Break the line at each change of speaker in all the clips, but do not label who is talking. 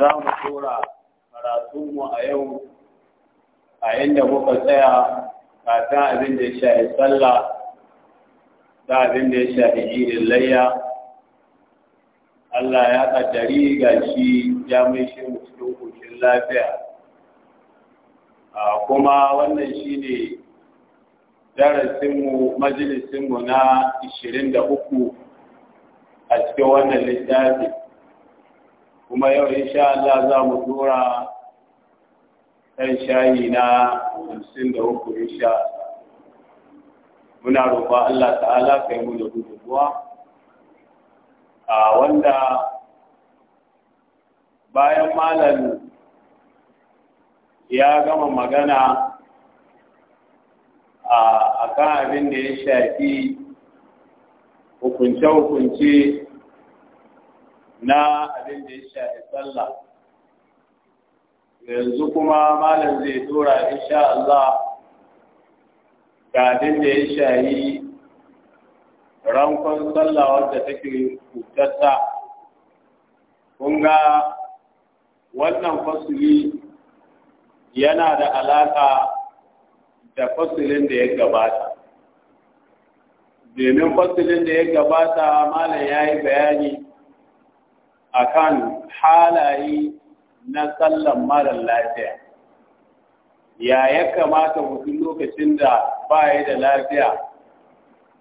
za mu tura karatunmu a yau a inda muka tsaya kafin abin da ya shafi sallah da abin da ya shafi layya Allah ya kaddari ga shi ya mai shi cikin koshin lafiya kuma wannan shi ne darasinmu majalisinmu na 23 a cikin wannan littafi kuma yau insha Allah za mu tura ɗan shayi na hamsin da uku insha muna roƙon Allah ta'ala kai mu da gudunmuwa a wanda bayan malam ya gama magana a kan abin da ya shafi hukunce-hukunce na abin da ya shafi sallah yanzu kuma malam zai tura insha Allah ga abin da ya shafi rankon sallah wadda take kutatta kun ga wannan fasili yana da alaƙa da fasilin da ya gabata domin fasilin da ya gabata malam ya yi bayani akan halaye na sallan mara lafiya ya ya kamata mutum lokacin da ba ya da lafiya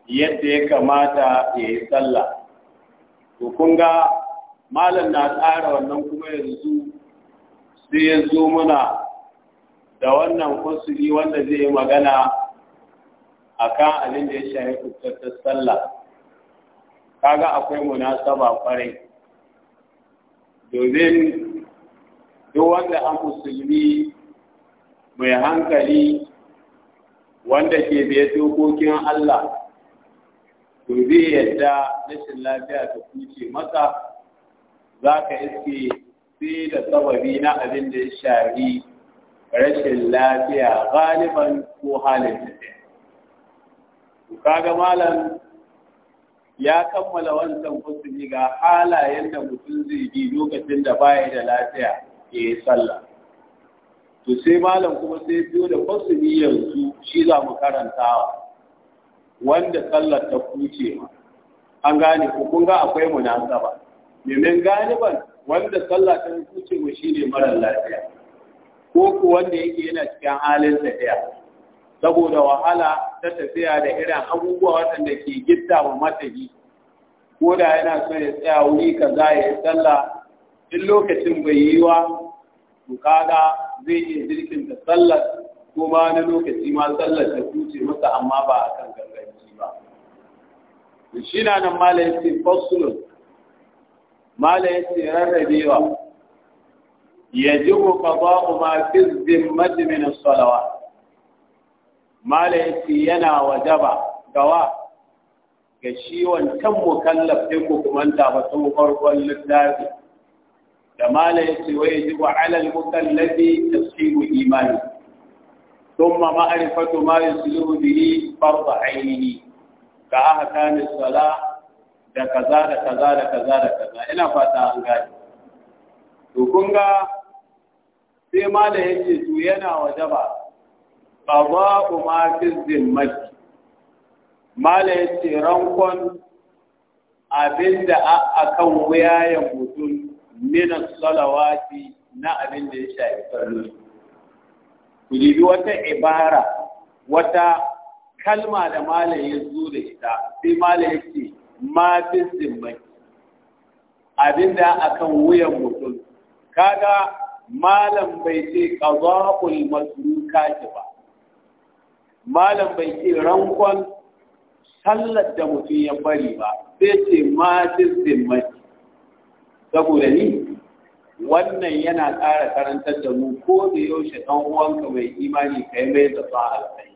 yadda ya kamata ya yi sallah to kun malam na tsara wannan kuma yanzu sai ya zo muna da wannan kusuri wanda zai yi magana a kan abin da ya shafi fuskantar sallah kaga akwai munasaba kwarai domin duk wanda an musulmi mai hankali wanda ke biya dokokin Allah to zai yadda rashin lafiya ta kuce masa za ka iske sai da sababi na abin da ya shari rashin lafiya galiban ko halin tafiya. Kaga malam ya kammala wancan husni ga halayen da mutum zai bi lokacin da baya da lafiya ya yi sallah to sai malam kuma sai biyo da husni yanzu shi za mu karantawa wanda sallar ta kuce ma an gane ku, kun ga akwai munasaba domin galiban wanda sallah ta kuce ma shine marar lafiya ko ku wanda yake yana cikin halin tafiya saboda wahala ta tafiya da irin abubuwa waɗanda ke gidda wa matahi ko da yana so ya tsaya wuri kaza ya yi tsalla, in lokacin bai yi wa to zai iya jirgin da sallar ko ma na lokaci ma sallar ta kuce masa amma ba a kan ganganci ba shi na nan mala ya ce fasulun mala ce rarrabewa yajibu qada'u kuma fi zimmati min salawat malayanci yana wajaba gawa ga shi wancan mukallaf din ku kumanta ba tun farkon littafi da malayanci wai ji wa alal mukallafi tashihu imani ثم معرفة ما يسلوه به فرض عينه كأحكام الصلاة da kaza da kaza da kaza da kaza ina fata an gane to kun ga sai ma su yake to yana wajaba qada'u ma fi zimmati mala yace rankon abinda kan wayayen mutum min salawati na abinda ya shafi sallu ku dibi wata ibara wata kalma da malam ya zo da ita sai malam yace ma fi da a kan wuyan mutum kaga malam bai ce masu masrukati ba malam bai ce rankon sallar da mutum ya bari ba sai ce matin zimmati saboda ni wannan yana ƙara karantar da mu ko da yaushe ɗan uwanka mai imani kai mai da sa alƙai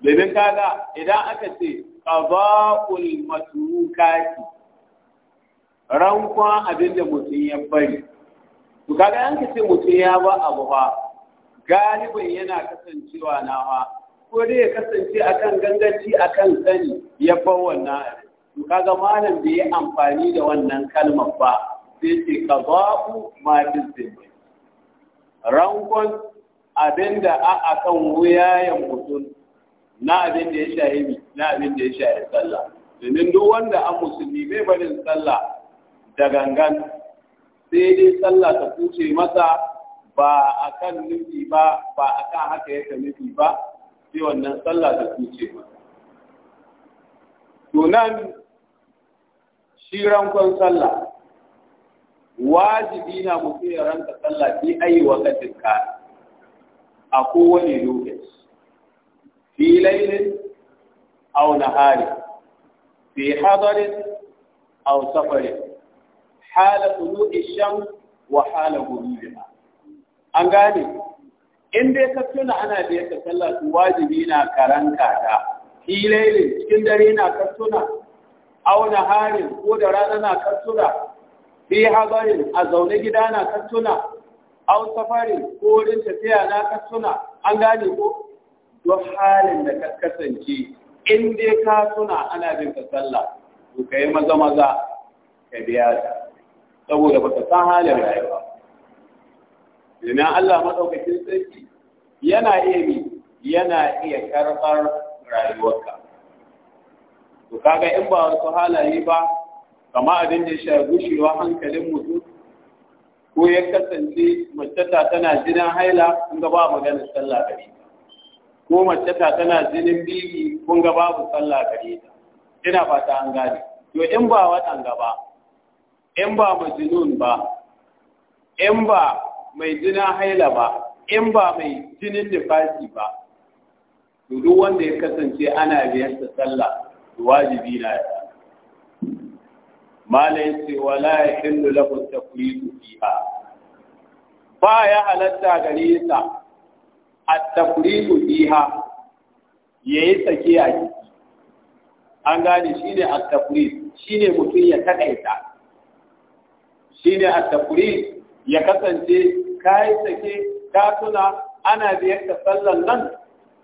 domin kaga idan aka ce qada'ul matukaki, rankon abin da mutum ya bari to kaga an ce mutum ya ba abu ba galibin yana kasancewa nawa ko dai ya kasance akan gangaci akan sani ya bar wannan to kaga malam da ya amfani da wannan kalmar ba sai ce ka ba'u ma tilzimi rankon da a akan wuyayen mutum na abin da ya shahi na abin da ya shahi sallah domin duk wanda an musulmi bai barin sallah da gangan sai dai sallah ta kuce masa ba akan nufi ba ba akan haka yake nufi ba sai wannan sallah da kuce ba Tunan shi rankon sallah wajibi na mutum ya ranka sallah fi ayi wakatin ka a kowane lokaci fi lailin na nahari fi hadarin au safarin hala tulu ishan wa hala gurubiha an gane in dai ka ana biyar ka sallah su wajibi na karanka ta filailin cikin dare na ka auna harin ko da rana na ka fi habarin a zaune gida na ka tuna safari ko wurin tafiya na ka an gane ko duk halin da kasance in dai ka tuna ana bin ka sallah to kai maza maza ka biya ta saboda ta san halin rayuwa Ina Allah maɗaukacin sarki yana iya mi yana iya karɓar rayuwarka to kaga in ba wasu halaye ba kama abin da ya gushewa hankalin mutum ko ya kasance mace ta tana jinin haila kun ga ba magana sallah gare ta ko mace ta tana jinin bibi, kun ga babu sallah gare ta ina fata an gane to in ba waɗanga ba in ba majnun ba in ba mai jina haila ba in ba mai jinin nifasi ba duk wanda ya kasance ana biyar ta sallah wajibi na ya mala yace wala yahillu lahu tafriqu fiha ba ya halatta gare ta at-tafriqu fiha yi sake a jiki an gane shine at shi shine mutum ya takaita shine at-tafriq ya kasance ka yi sake ka tuna ana biyar ka sallan nan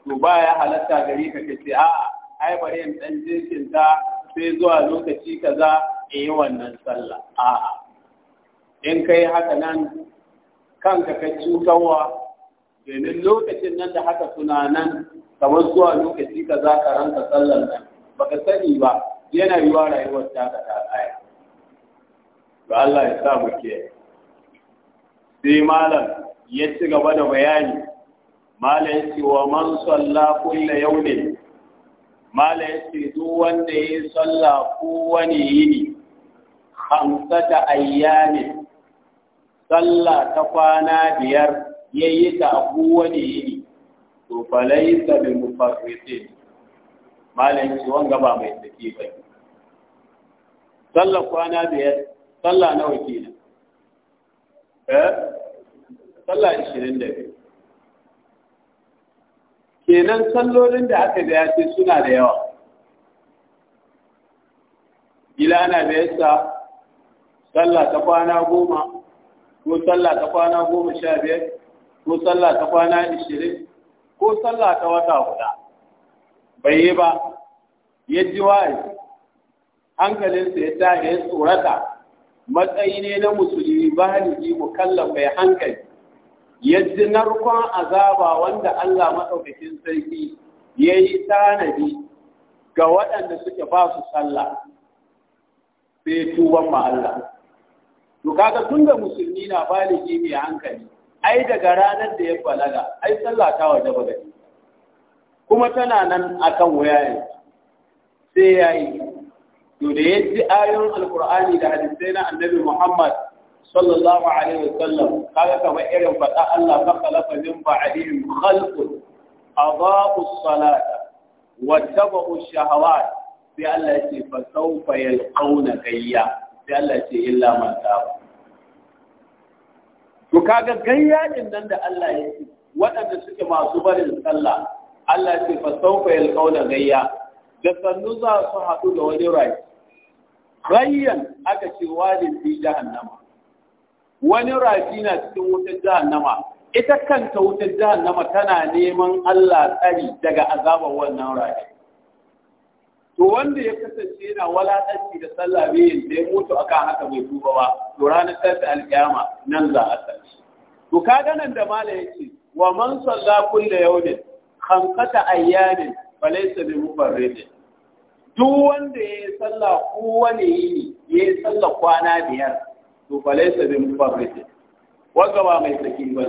to ya halatta gari ka ce a'a ai bari in dan ta sai zuwa lokaci kaza in yi wannan sallah a'a in ka yi haka nan kanka ka cutarwa domin lokacin nan da haka tunanan kamar zuwa lokaci ka za ka ranta sallar nan baka sani ba yana yiwa rayuwar ta ka ta tsaya ba Allah ya sa mu ke sai malam ya ci gaba da bayani malam ce wa man salla kulla yawmin malam ya ce duk wanda ya salla wani yini hamsata ayyami salla ta kwana biyar ya yi ta ko wani yini to ta bi mufarritin malam ce wanga ba mai tafi ba sallah kwana biyar sallah nawa kenan eh sallah biyu. kenan sallolin da aka da ya ce suna da yawa gila na da sa, sallah ta kwana goma ko sallah ta kwana goma sha biyar ko sallah ta kwana ishirin ko sallah ta wata guda bai yi ba ya ji wa'azi hankalinsa ya ta ya tsorata matsayi ne na musulmi ba baligi mukallaf mai hankali yadda narkon azaba wanda Allah maɗaukakin sarki ya yi tanadi ga waɗanda suke ba su sallah sai tuban ma Allah to kaga tun da musulmi na baligi mai hankali ai daga ranar da ya balaga ai sallah ta waje ba kuma tana nan akan waya sai ya yi. to da ya ji alkur'ani da hadisai na annabi muhammad sallallahu alaihi wasallam kaga kamar irin faɗa allah ka khalaqa min ba'dihim khalqun adaa'u salata wattaba'u ash-shahawat sai allah ya ce fa sawfa yalqawna gayya sai allah ya ce illa man taba to kaga gayya din nan da allah ya ce waɗanda suke masu barin sallah allah ya ce fa sawfa yalqawna gayya da sannu za su haɗu da wani rai bayyan aka ce wajen fi jahannama wani rafi na cikin wutar jahannama ita kanta wutar jahannama tana neman Allah tsari daga azabar wannan rafi to wanda ya kasance yana walaɗanci da sallah bai da ya mutu akan haka bai tuba ba to ranar tsarta alkiyama nan za a tsarki to ka ganin da mala yake wa man salla yau ne khamsata ayyanin falaysa bi mufarridin duk wanda ya yi sallah yi ne ya yi sallah kwana biyar to fa laysa bi mufarrid ba mai saki ba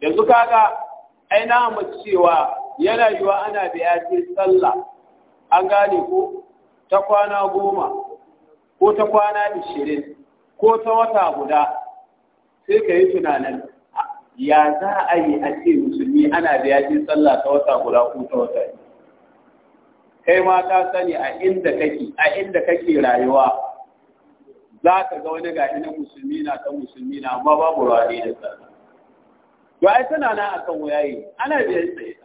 yanzu kaga ai na cewa yana yiwa ana ya ce sallah an gane ko ta kwana goma ko ta kwana bishirin, ko ta wata guda sai ka yi tunanin ah, ya za a yi a ce musulmi ana ya ce sallah ta wata guda ko ta wata kai ma ka sani a inda kake a inda kake rayuwa za ka ga wani ga na musulmi na ta musulmi na amma babu rawani da sallah to ai tana nan akan wayaye ana da tsaye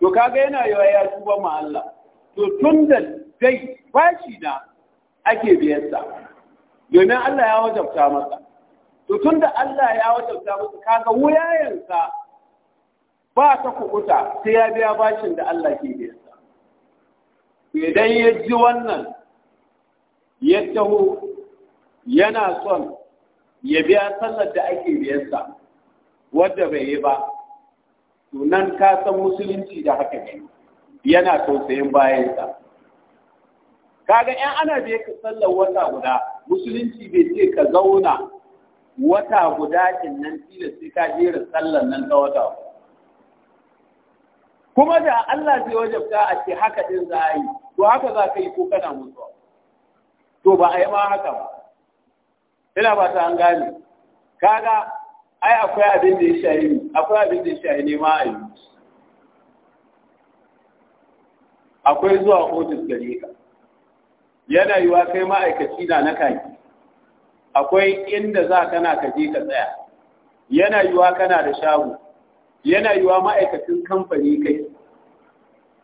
to kaga yana yawa ya tuba ma Allah to tun da dai bashi na ake biyan sa domin Allah ya wajabta masa to tun da Allah ya wajabta masa kaga sa ba ta kubuta sai ya biya bashin da Allah ke biya idan ya ji wannan ya taho yana son ya biya sallar da ake biyarsa wadda bai yi ba tunan ka san musulunci da haka ne yana tausayin bayansa kaga yan ana da ka sallar wata guda musulunci bai ce ka zauna wata guda kin nan tilas ka jera sallar nan ta wata guda kuma da Allah zai wajabta a ce haka din za a yi to haka za ka yi ko kana mutuwa to ba a yi ma haka ba ina ba ta an gane kaga ai akwai abin da ya shahi akwai abin da ya shahi ne ma a yi akwai zuwa ofis gare ka yana yiwa kai ma'aikaci na na kaki akwai inda za kana ka je ka tsaya yana yiwa kana da shago yana yiwa ma'aikacin kamfani kai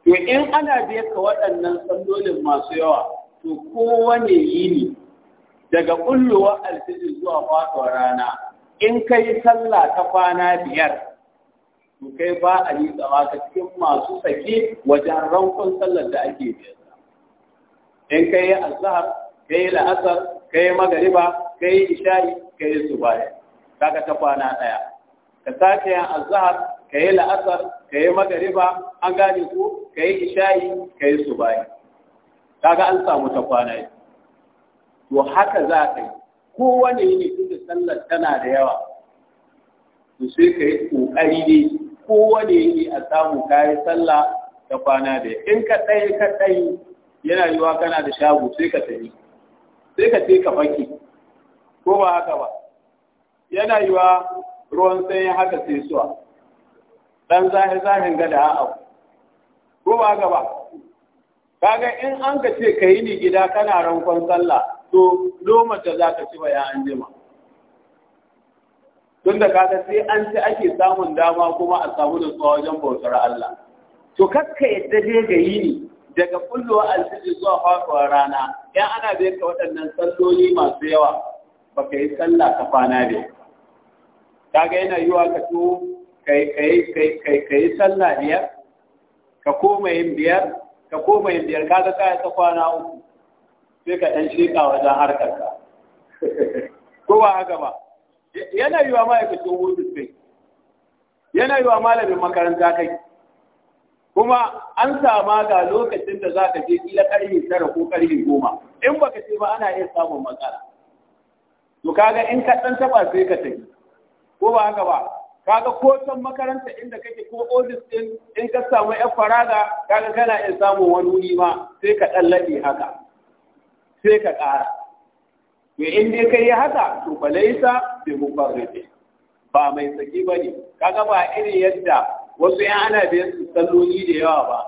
to in ana biyar ka waɗannan sandolin masu yawa to kowane ne. daga ƙullowa alfijin zuwa fatuwar rana in ka yi sallah ta kwana biyar to kai ba a yi tsawa ka cikin masu sake wajen rankon sallar da ake biyar in ka yi azhar ka yi la'asar ka yi magariba ka yi isha'i ka yi subaya kaga ta kwana ɗaya ka sake yin azhar ka yi la'asar ka yi magariba an gane ku, ka yi ishayi ka yi Ta kaga an samu ta kwana to haka za ka yi kowane yini da sallar tana da yawa su sai ka yi kokari ne kowane yi a samu ka yi sallah ta kwana da in ka tsaye ka tsaye yana yiwa kana da shago sai ka tsaye sai ka sai ka faki ko ba haka ba yana yiwa ruwan sanyi haka sai suwa dan zahi zahin gada a'a ko ba gaba kaga in an ka ce ka ni gida kana rankon sallah to lomar da za ka ci ba ya an jima tun da kaga sai an ci ake samun dama kuma a samu da tsawa wajen bautar Allah to kakka yadda dai ga yi ni daga kullowa alfiji zuwa faɗuwar rana in ana bai ka waɗannan salloli masu yawa baka yi sallah ka kwana bai kaga yana yiwa ka to ka yi sallah biyar ka koma yin biyar ka koma yin biyar kaga kaya ta kwana uku sai ka ɗan sheƙa wajen harkar ka ko ba haka ba yana yiwa ma'aikacin wurin kai yana yiwa malamin makaranta kai kuma an sama ga lokacin da za ka je kila ƙarfe tara ko ƙarfe goma in baka ce ba ana iya samun matsala to kaga in ka ɗan taɓa sai ka tafi ko ba haka ba kaga ko can makaranta inda kake ko ofis din in ka samu yan faraga kaga kana iya samu wani wuri ma sai ka ɗallaɗe haka sai ka ƙara to in dai kai haka to fa laisa bi mubarrid ba mai saki bane kaga ba irin yadda wasu yan ana biyan su salloli da yawa ba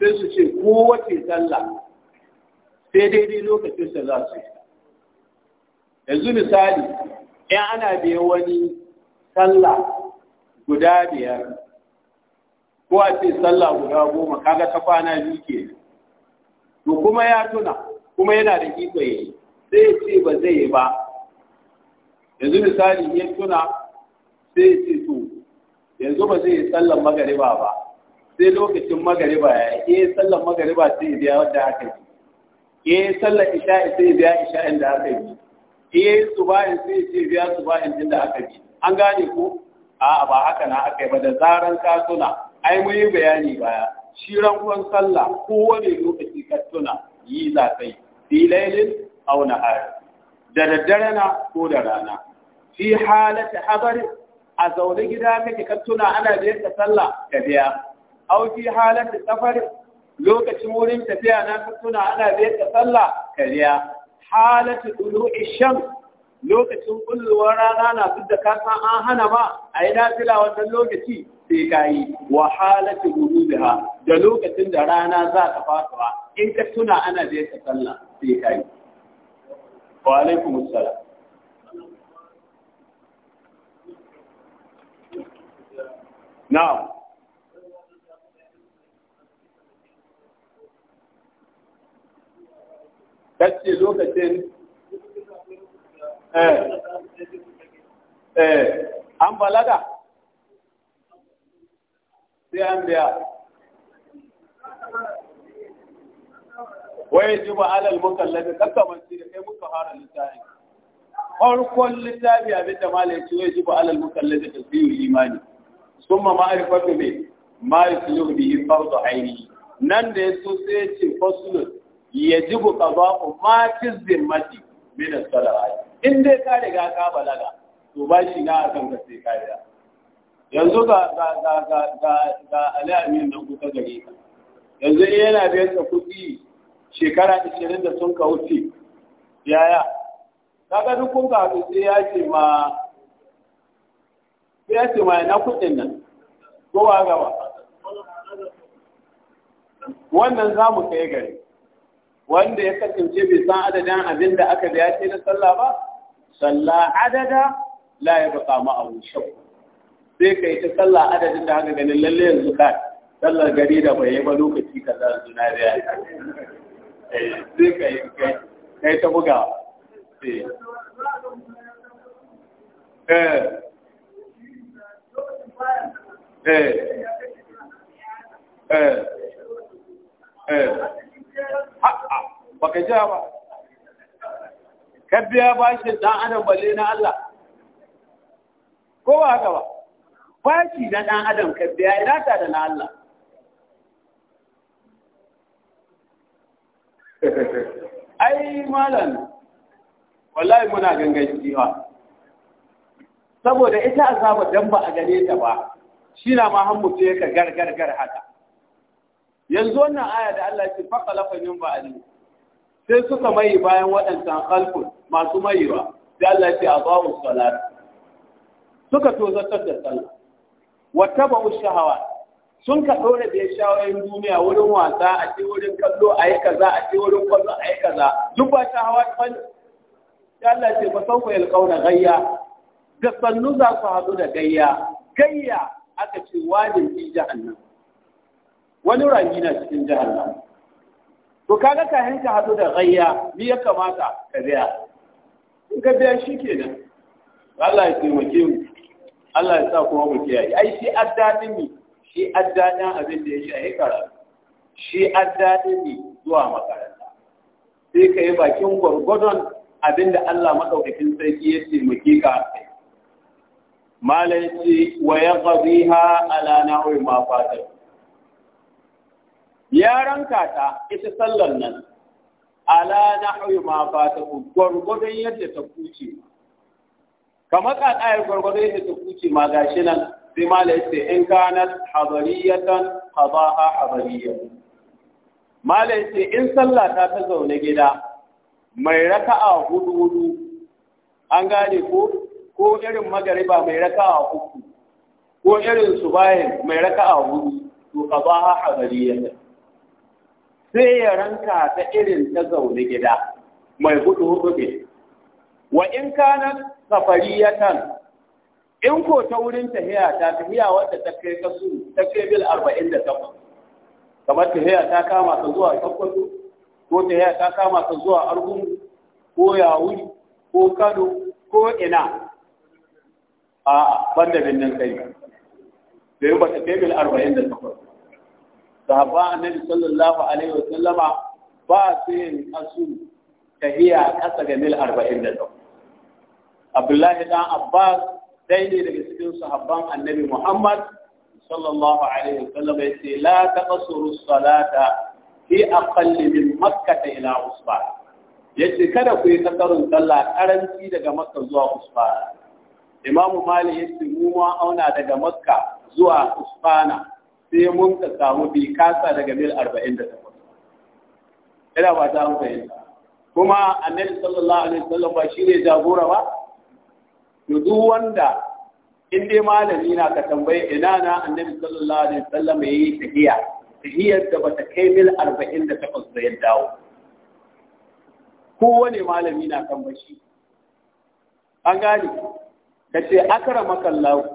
sai su ce ko wace sallah sai daidai lokacin da za su yi yanzu misali 'yan ana biyan wani sallah guda biyar ko a ce sallah guda goma kaga ta kwana biyu ke to kuma ya tuna kuma yana da iko yi sai ce ba zai yi ba yanzu misali ya tuna sai ce to yanzu ba zai yi sallan magariba ba sai lokacin magariba ya yi eh, sallan magariba sai ya biya wadda aka yi E sallar isha'i sai biya isha'in da aka yi su eh, subha'in sai ce biya subha'in din da aka yi an gane ko a ba haka na aka yi ba da zaran ka tuna ai mun yi bayani baya shi rankon sallah kowane lokaci ka tuna yi za ka yi fi lailin aw da daddare na ko da rana fi halata habar a zaune gida kake ka tuna ana biyar ka sallah ka biya aw fi halata safar lokacin wurin tafiya na ka tuna ana biyar ka sallah ka biya halata dulu shams lokacin kullum rana na duk da kasan an hana ba a yi nafila wannan lokaci sai ka yi wa halatu gudubiha da lokacin da rana za ta fasuwa in ka tuna ana da ta sallah sai ka yi wa alaikum assalam na'am kace lokacin Eh. Eh. an balaga sai an biya wai ji ba alal mukallafi kakamanci da kai muka fara littafi farkon littafi abin da malai ci wai ji ba alal mukallafi da su yi imani sun ma ma'arifatu ne ma yi su yi biyi farko aini nan da ya so sai ya ce fasulun ya ji bu ƙaza'u ma ci zimmati min salarati in dai ka riga ka balaga to ba shi na akan ka sai kariya yanzu ga ga ga ga ga ga alamin nan kuka gare ka yanzu in yana biyan ka kuɗi shekara 20 da sun ka wuce yaya kaga duk kun ka sai ya ce ma sai ya ce ma na kuɗin nan ko ba gaba wannan za mu kai gari wanda ya kasance bai san adadin abin da aka biya ce na sallah ba salla adada la ya baka a shakku sai ka yi ta sallah adadin da haka ganin lalle yanzu ka sallar gari da bai yi ba lokaci ka za su na da yaya eh, sai ka yi kai ta buga eh eh eh, eh. eh. ba kabbiya bashin ɗan adam balle na Allah ko ba haka ba bashi na ɗan adam ka biya ina ta da na Allah ai malam wallahi muna gangan jiwa saboda ita azaba dan ba a gare ta ba shi na ma han mutu yake gargargar haka yanzu wannan aya da Allah ya ce faqalafa yumba ali sai suka mai bayan waɗancan khalqun masu mayewa da Allah ce a ba mu salat suka tozartar da sallah wata ba shahawa sun ka ɗora da ya duniya wurin wasa a ce wurin kallo a yi kaza a ce wurin kwallo a yi kaza duk ba shahawa ban da Allah ce ba san ku yalƙauna gayya da sannu za su haɗu da gayya gayya aka ce wajin fi jahannam wani rami na cikin jahannam to kaga ka hanka haɗu da gayya ni ya kamata ka biya in ka biya shi ke nan Allah ya taimake mu Allah ya sa kuma mu kiyaye ai shi addadin ne shi addadin abin da ya shahi karatu shi addadin ne zuwa makaranta sai ka yi bakin gwargwadon abin da Allah maɗaukakin sarki ya taimake ka malai ce wa ya ƙaziha ala na'uwi ma fatar yaran kata ita sallar nan ala na nahwi ma fatakum gwargwadon yadda ta kuce kamar ka ayar gwargwadon yadda ta kuce ma gashi nan sai mala yace in ka ba ha qadaha ma mala yace in sallah ta ta zaune gida mai raka'a hudu hudu an gane ko ko irin magariba mai raka'a uku ko irin bayan mai raka'a hudu to ka ba qadaha hadariyatan sai ya ranka ta irin ta zaune gida mai hudu hudu ne wa in kana safariyatan in ko ta wurin tahiya ta tahiya wadda ta kai su ta kai bil 48 kamar tahiya ta kama ta zuwa takwas, ko tahiya ta kama ta zuwa argun ko Yawuri ko Kano ko ina a banda binnin kai sai ba ta kai bil 48 sahaba annabi sallallahu alaihi wasallama ba su yin asu tahiya kasa ga mil 40 Abdullahi dan Abbas dai ne daga cikin sahabban annabi Muhammad sallallahu alaihi wasallam ya ce la taqsuru salata fi aqall min makkah ila usba yace kada ku yi kasarun sallah karanci daga makka zuwa usba imamu malik yace mu ma auna daga makka zuwa usbana sai mun ka samu bi kasa daga mil 48 ina ba za mu fahimta kuma annabi sallallahu alaihi wasallam ba shi ne jagora ba to duk wanda in dai malami na ka tambaye ina na annabi sallallahu alaihi wasallam yayi tahiya tahiyar da bata kai mil 48 ya dawo kowane malami na kan bashi an gani kace akramaka Allah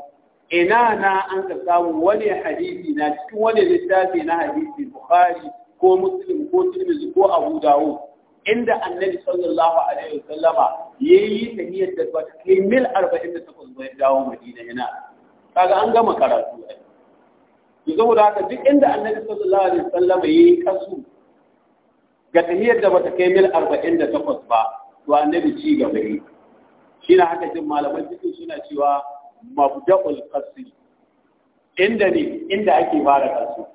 ina na an ka samu wani hadisi na cikin wani littafi na hadisi bukhari ko muslim ko tirmidhi ko abu dawud inda annabi sallallahu alaihi wasallama yayi tahiyar da ba kai mil 48 bai dawo madina ina kaga an gama karatu to saboda haka duk inda annabi sallallahu alaihi wasallama yayi kasu ga tahiyar da ba ta kai mil 48 ba to annabi ci gaba ne shi na haka jin malaman cikin suna cewa mabda'ul qasr inda ne inda ake fara kasu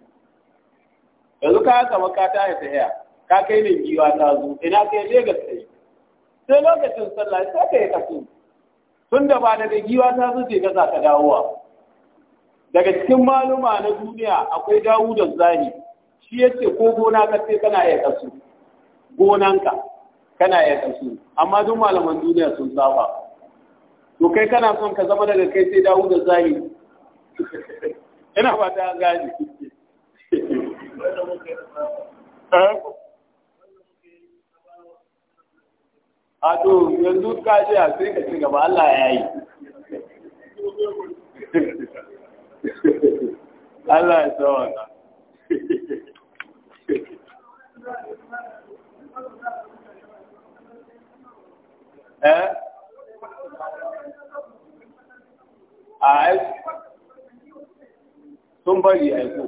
yanzu ka haka maka ta ya tsaya ka kai ne giwa ta zo ina kai Lagos kai sai lokacin sallah sai kai kasu tun da ba daga giwa ta zo sai ka za ka dawowa daga cikin maluma na duniya akwai dawo da zani shi yace ko gona ka sai kana yi kasu gonanka kana yi kasu amma duk malaman duniya sun saba to kai kana son ka zama daga kai sai dawo da zahiri ina ba ta gani eh? a to yanzu ka ce a sai ka ci gaba Allah ya yi Allah ya sa wa eh a sun bari aiko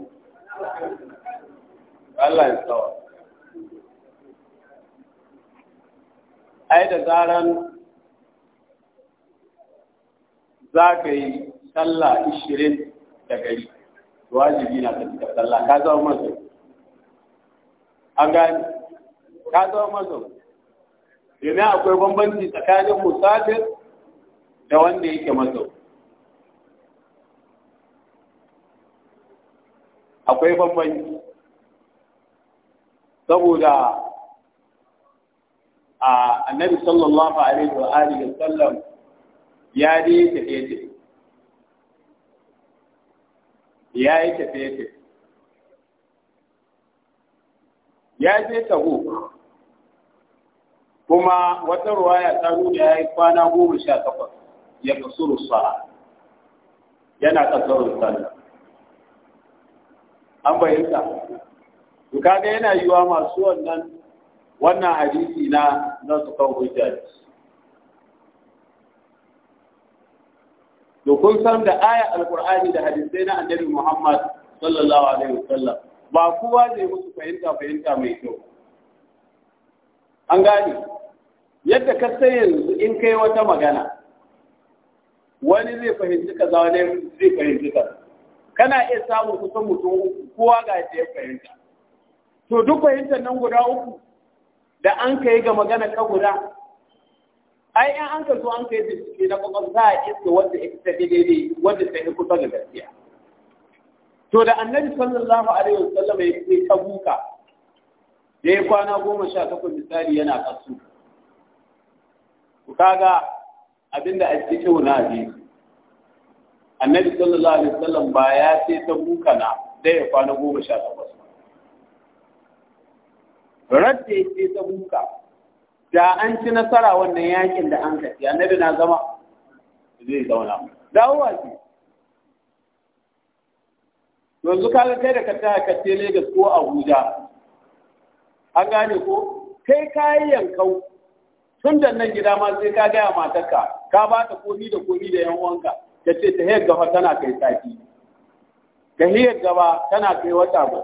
Allah ya tsawa ai da zaran za ka yi sallah ishirin da gari wajibi na ta cika sallah ka zama mazo an gani ka zama mazo domin akwai bambanci tsakanin musafir da wanda yake mazo akwai bambanci saboda a annabi sallallahu alaihi wa alihi wa sallam ya dai tafiye ce ya yi tafiye ce ya je taho kuma wata ruwaya ta nuna ya yi kwana goma sha takwas ya kasuru sa'a yana kasarun sallah an bayyanta to kaga yana yiwa masu wannan wannan hadisi na na su kan hujja to kun san da aya alqur'ani da hadisi na annabi Muhammad sallallahu alaihi wasallam ba kowa zai musu fahimta fahimta mai kyau an gane yadda ka san yanzu in kai wata magana wani zai fahimci kaza wani zai fahimci kaza kana iya samun kusan mutum uku kowa ga yadda ya fahimta to duk fahimtar nan guda uku da an kai ga magana ka guda ai in an ka zo an kai bincike na kwakwam za a iske wanda ita fita daidai wanda ta yi kusa ga gaskiya to da annabi sallallahu alaihi wasallam ya kai tabuka da ya kwana goma sha takwas misali yana kasu ku kaga abinda a cikin a hadisi annabi sallallahu alaihi wasallam ba ya ce ta bukana sai ya kwana goma sha takwas radda ya ce ta buka da an ci nasara wannan yakin da an kafi annabi na zama zai zauna dawowa ce yanzu kaga kai da ka taya ka ce Lagos ko Abuja an gane ko kai kayi yankau tun da nan gida ma sai ka gaya matarka ka ba ta komi da komi da yan wanka ta ce ta hiyar gaba tana kai sati ga hiyar gaba tana kai wata ba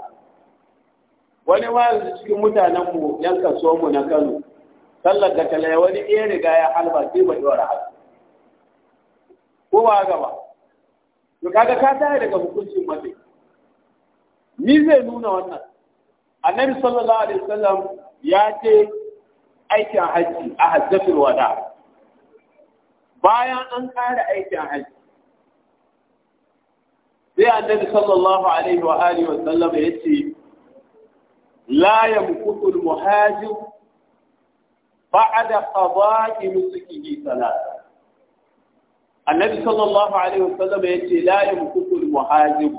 wani wani cikin mutanenmu yan kaso mu na kano sallar da talai wani iya riga ya halba sai ba ɗora halba ko ba gaba to kaga ka tare daga hukuncin mace ni zai nuna wannan annabi sallallahu alaihi wasallam ya ce aikin hajji a hajjatul wada bayan an kare aikin hajji sai annabi sallallahu alaihi wa alihi wa sallam ya ce la yamkutu al-muhajir ba'da qada'i nusukihi salata annabi sallallahu alaihi wa sallam ya ce la yamkutu al-muhajir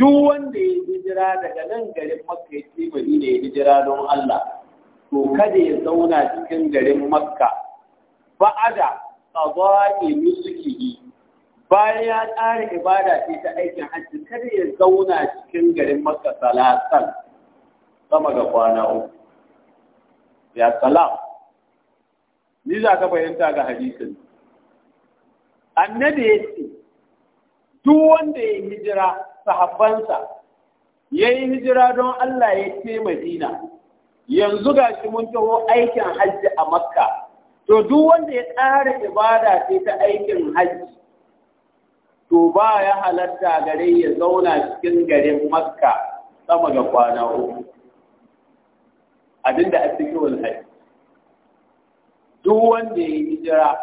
duk wanda ya hijira daga nan garin Makka ya ce Madina ya hijira don Allah to kada ya zauna cikin garin Makka ba'da qada'i nusukihi bayan ya ƙara ibada ce ta aikin hajji kar ya zauna cikin garin maka salatan sama ga kwana uku ya salam ni za ka fahimta ga hadisin annabi ya ce duk wanda ya yi hijira sahabbansa ya yi hijira don Allah ya ce Madina yanzu ga shi mun taho aikin hajji a makka to duk wanda ya ƙara ibada ce ta aikin hajji to ba ya halatta gare ya zauna cikin garin makka sama ga kwana uku abinda a cikin wani duk wanda ya yi jira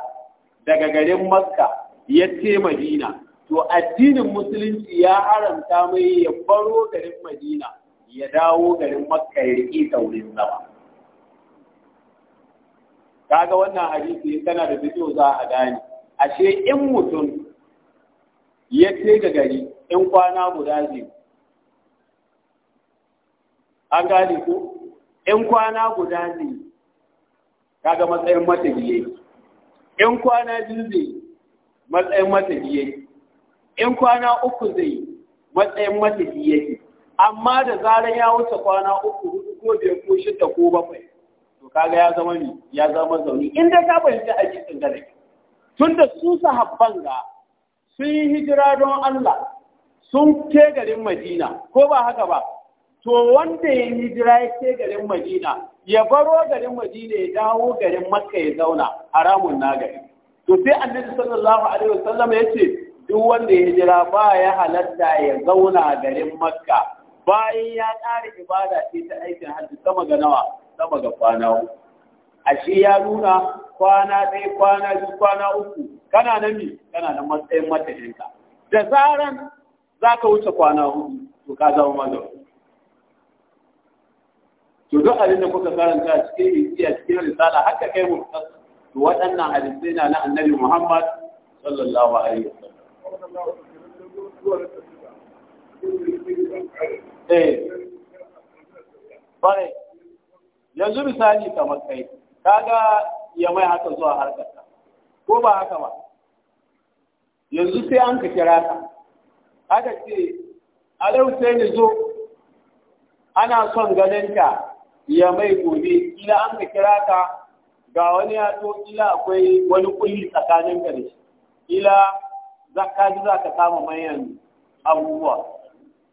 daga garin makka ya ce madina to addinin musulunci ya haramta mai ya baro garin madina ya dawo garin makka ya riƙe taurin zama kaga wannan hadisi tana da fito za a gane ashe in mutum ya ce ga gari in kwana guda biyu an gane ko in kwana guda biyu kaga matsayin matabiye in kwana biyu zai matsayin matabiye in kwana uku zai matsayin matabiye amma da zarar ya wuce kwana uku hudu ko biyar ko shida ko bakwai to kaga ya zama ne ya zama zauni Inda ka fahimci a cikin gare tunda su sahabban ga sun yi hijira don Allah sun ke garin Madina ko ba haka ba to wanda ya hijira ya ke garin Madina ya baro garin Madina ya dawo garin Makka ya zauna haramun na gari to sai Annabi sallallahu alaihi wasallam ya ce duk wanda ya hijira ba ya halatta ya zauna garin Makka bayan ya ƙara ibada ce ta aikin hajji sama ga nawa sama ga kwana uku ashe ya nuna kwana ɗaya kwana biyu kwana uku kana nan ne kana nan matsayin matashinka da zaran za ka wuce kwana hudu to ka zama mazauni to duk abin da kuka karanta cikin isiya cikin risala haka kai mu to waɗannan hadisai na na annabi Muhammad sallallahu alaihi wasallam eh bare yanzu misali kamar kai kaga ya mai haka zuwa harkar ko ba haka ba yanzu sai an ka kira ka aka ce alau sai ni zo ana son ganin ka ya mai gobe Ila an ka kira ka ga wani ya ila akwai wani kulli tsakanin ka da shi kila za ka ji za ka kama manyan abubuwa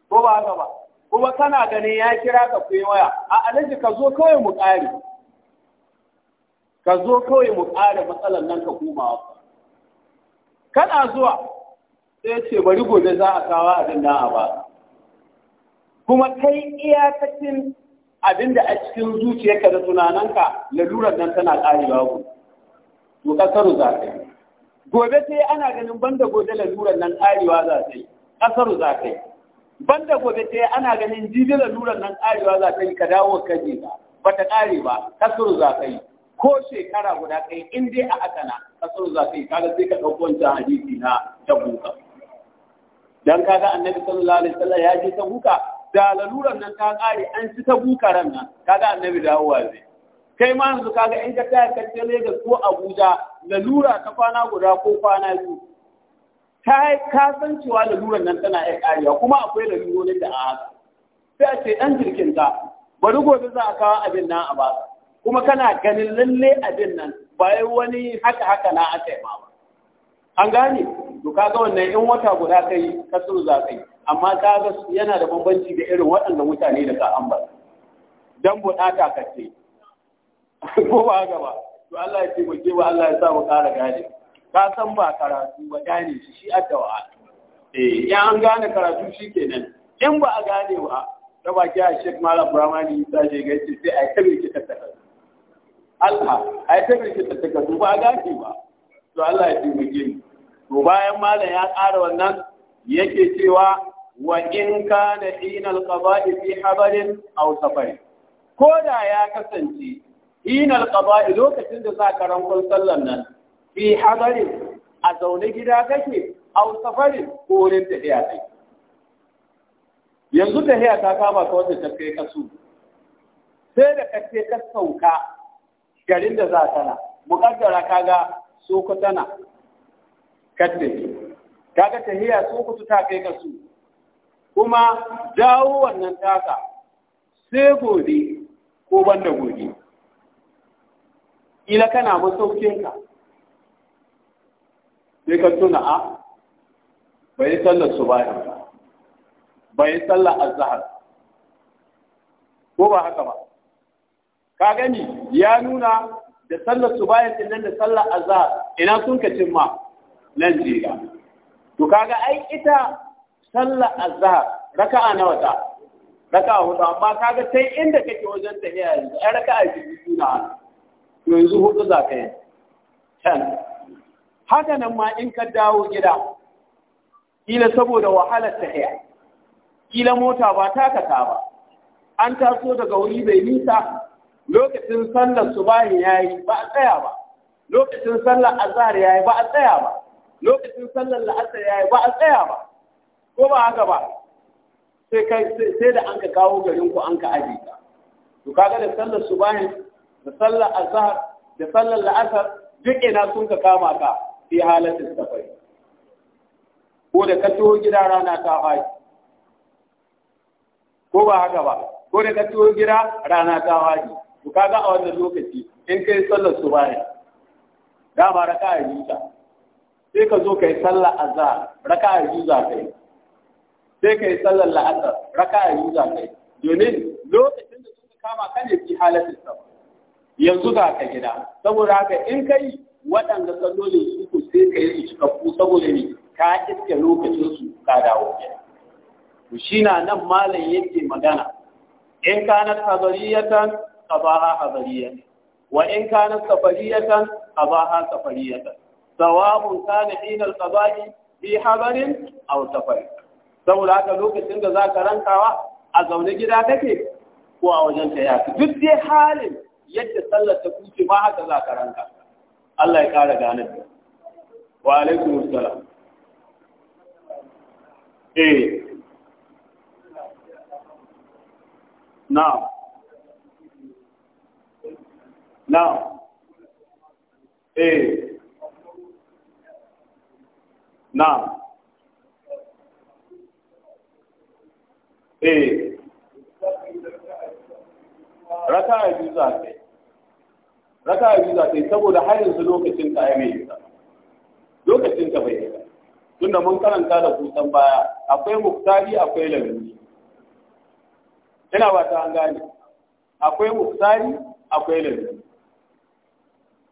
ko ba haka ba kuma kana ganin ya kira ka kai waya a alaji ka zo kawai mu kare ka zo kawai mu ƙare matsalar nan ka komawa kana zuwa sai ce bari gobe za a kawo abin da a ba kuma kai iyakacin abin da a cikin zuciyarka da tunananka lalurar nan tana ƙarewa ku to ƙasar za ta yi gobe sai ana ganin banda gobe lalurar nan ƙarewa za ta yi ƙasar za ta yi banda gobe sai ana ganin jibi lalurar nan ƙarewa za ta yi ka dawo ka je ba ba ta ƙare ba ƙasar za ta yi ko shekara guda kai in dai a asana, kasar za ta yi kaga sai ka ɗauko wancan hadisi na ta buka dan kaga annabi sallallahu alaihi wasallam ya je ta buka da laluran nan ta ƙare an ci ta buka ran nan kaga annabi dawowa zai kai ma yanzu kaga in ka taya ka ce Lagos ko Abuja lalura ta kwana guda ko kwana biyu ta yi san cewa laluran nan tana iya ƙarewa kuma akwai lalurorin da a haka sai a ce ɗan jirkin ta bari gobe za a kawo abin nan a baka kuma kana ganin lalle abin nan bayan wani haka haka na aka yi ba an gane to kaga wannan in wata guda kai ka so za kai amma kaga yana da bambanci da irin waɗanda mutane da ka ambata dan buɗata ka ce ko ba ga ba to Allah ya ke, mu Allah ya sa mu ƙara gane ka san ba karatu ba gane shi shi addawa eh ya an gane karatu shi kenan in ba a gane ba da baki a Sheikh Malam Burhamani ta je gaci sai a kabe ki tattaka Allah yi tafi shi tattaka su ba a gashi ba to Allah ya taimake ni to bayan malam ya ƙara wannan yake cewa wa in kana hinal qada'i fi habarin aw safar ko da ya kasance hinal qada'i lokacin da za ka rankon sallan nan fi habarin a zaune gida kake aw safarin ko wurin tafiya kai yanzu tafiya ta kama ka wanda ta kai kasu sai da ƙarfe ka sauka garin da za tana muƙaddara kaga soko tana kaddafi kaga tahiya soko ta kai ka su kuma jawo wannan taka sai gobe ko banda gobe ila kana masaukinka sai ka tuna a bai sallar su bayan bai sallar azahar ko ba haka ba ka gani ya nuna da sallar su bayan din nan da sallar azhar ina sun ka cimma nan jira to kaga ai ita sallar azhar raka'a nawa ta raka'a hudu amma kaga sai inda kake wajen tafiya yi ai raka'a biyu na to yanzu hudu za ka yi can haka nan ma in ka dawo gida kila saboda wahalar ta tafiya kila mota ba ka ta ba an taso daga wuri bai nisa lokacin sallar subahi yayi ba a tsaya ba lokacin sallar azhar yayi ba a tsaya ba lokacin sallar la'asar yayi ba a tsaya ba ko ba haka ba sai kai sai da an ka kawo garin ku an ka aje ka to kaga da sallar subahi da sallar azhar da sallar la'asar duk ina sun ka kama ka fi halatin safari ko da ka taho gida rana ta haji ko ba haka ba ko da ka taho gida rana ta haji ka kaga a wannan lokaci in ka yi sallar subaya dama a yi ta sai ka zo ka yi sallar azhar raka a za kai sai ka yi sallar la'asar raka a za kai domin lokacin da suka kama ka ne fi halatin sa yanzu za ka gida saboda haka in ka yi waɗanda sallolin su ku sai ka yi su cikakku saboda ne ka iske lokacin su ka dawo kenan shi na nan malam yake magana in kana hadariyatan qabaha hadariya wa in kanat safariyatan qabaha safariyatan sawabun kana hina al-qada'i fi hadarin aw safar saboda haka lokacin da zaka rankawa a zaune gida take ko a wajen ta yaki duk dai halin yadda sallar ta kuce ma haka zaka ranka Allah ya kara gane da wa alaikum assalam na eh. eh. A. na A. raka a yi zafi. raka a yi zafi saboda har yanzu lokacin ta ya mai lokacin ta bai yi tunda mun karanta da kusan baya akwai muktari akwai lamini ina ba ta an gane akwai muktari akwai lamini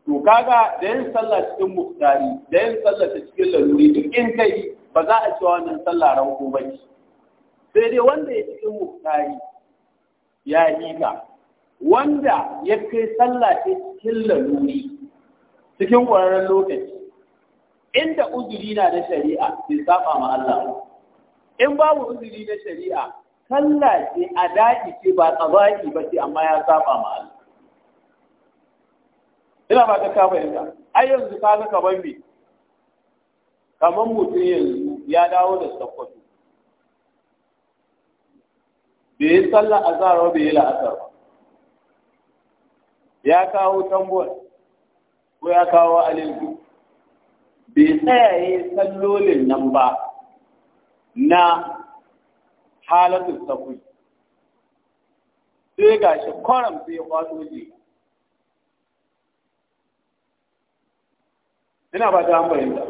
to kaga da yin sallah cikin muktari da yin sallah ta cikin laluri duk in kai ba za a ce wannan sallah ko ba ce sai dai wanda ya cikin muktari ya ka wanda ya kai sallah ta cikin laluri cikin ƙwararren lokaci inda uzuri na da shari'a sai saba ma Allah in babu uzuri na shari'a sallah ce a daɗi ce ba tsabaki ba ce amma ya saba ma Allah ina ba ta kafa yanka ai yanzu ka ga kaman me kaman mutum yanzu ya dawo da sakwato bai yi sallar azhar ba bai yi la'asar ya kawo tambuwar ko ya kawo alilku bai tsayaye sallolin nan ba na halatun safi sai ga shi kwaram sai ya kwato ji ina ba ta fahimta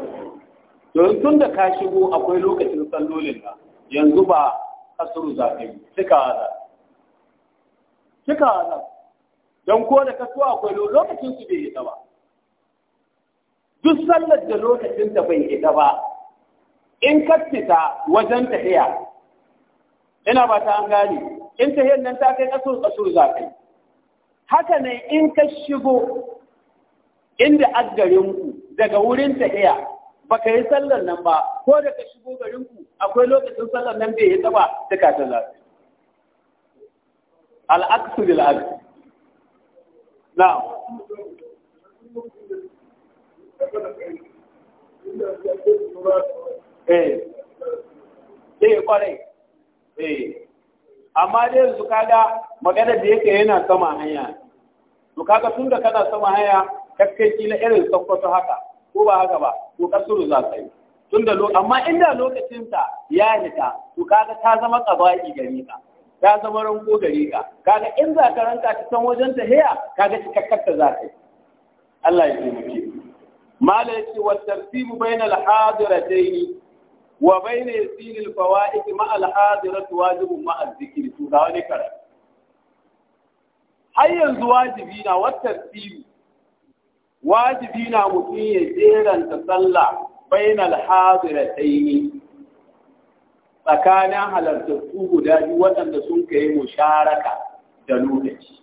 don tun da ka shigo akwai lokacin tsallolin ka yanzu ba kasuru zafi cika haza cika haza don ko da kasuwa akwai lokacin su bai ita ba duk sallar da lokacin ta bai ita ba in ka fita wajen tafiya ina ba ta an gane in tahiyar nan ta kai kasuru kasuru zafi haka ne in ka shigo inda aggarinku daga wurin tahiya baka yi sallar nan ba ko da ka shigo garin ku akwai lokacin sallar nan bai yi taba da ka lafi al'aksu da aksu na eh eh kwarai eh amma dai yanzu kaga magana da yake yana sama hanya to kaga tun da kana sama hanya kakkaki na irin sokoto haka ko ba haka ba to kasuru za ta yi tun da amma inda ta ya nika to kaga ta zama qaba'i gari ka ta zama ranko gari ka kaga in za ka ranka ta san wajen ta heya? kaga cikakkarta za ta yi Allah ya taimake mala yace wa tartibu bayna al-hadiratayn wa bayna yasir al-fawaid ma al-hadiratu wajibun ma al-dhikri to ga wani karatu har yanzu wajibi na wa tartibu wajibi na mutum ya jeranta sallah bainal hadirataini tsakanin halartattu guda biyu waɗanda sun kai musharaka da lokaci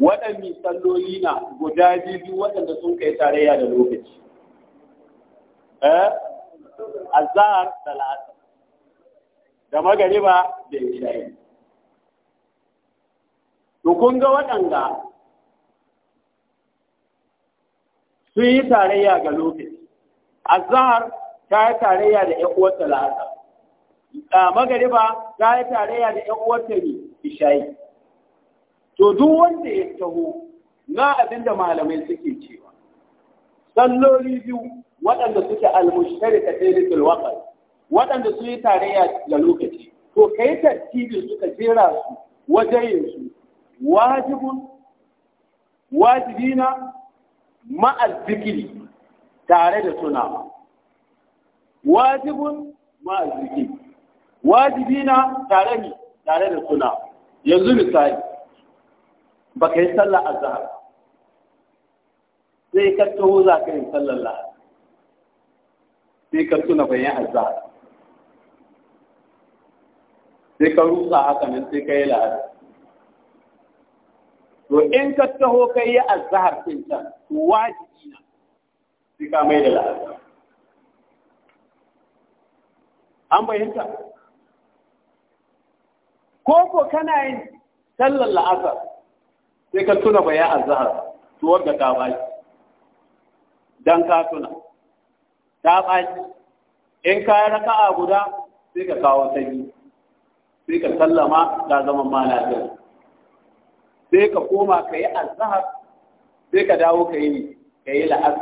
waɗanne tsalloli na guda biyu waɗanda sun kai tarayya da lokaci eh? azhar da la'asar da magariba da isha'i to kun ga waɗanda sun yi tarayya ga lokaci azhar ta yi tarayya da ƴan uwarta a magariba ta yi tarayya da ƴan uwarta ne ishayi to duk wanda ya taho na abin da malamai suke cewa salloli biyu waɗanda suke almushtari ta tsiritul waƙar waɗanda su yi tarayya ga lokaci to kai tartibin suka jera su wajen su wajibun wajibina ma'al zikiri tare da suna, wajibin ma'al zikiri wajibi na tare ne tare da suna. yanzu misali ba ka yi sallah a zahar sai ka taho za ka yi sallar lahar sai ka tuna bayan a zahar sai ka rusa haka nan sai ka yi lahar to in ka taho kai ya azhar din ta wajibi na sai ka mai da lafiya an bayyanta ko ko kana yin sallar la'asar, sai ka tuna ba ya azhar to wanda ka ba dan ka tuna ta ba in ka raka'a guda sai ka kawo sanyi sai ka sallama ta zama ma lafiya sai ka koma ka yi azhar sai ka dawo ka yi ka yi la'asar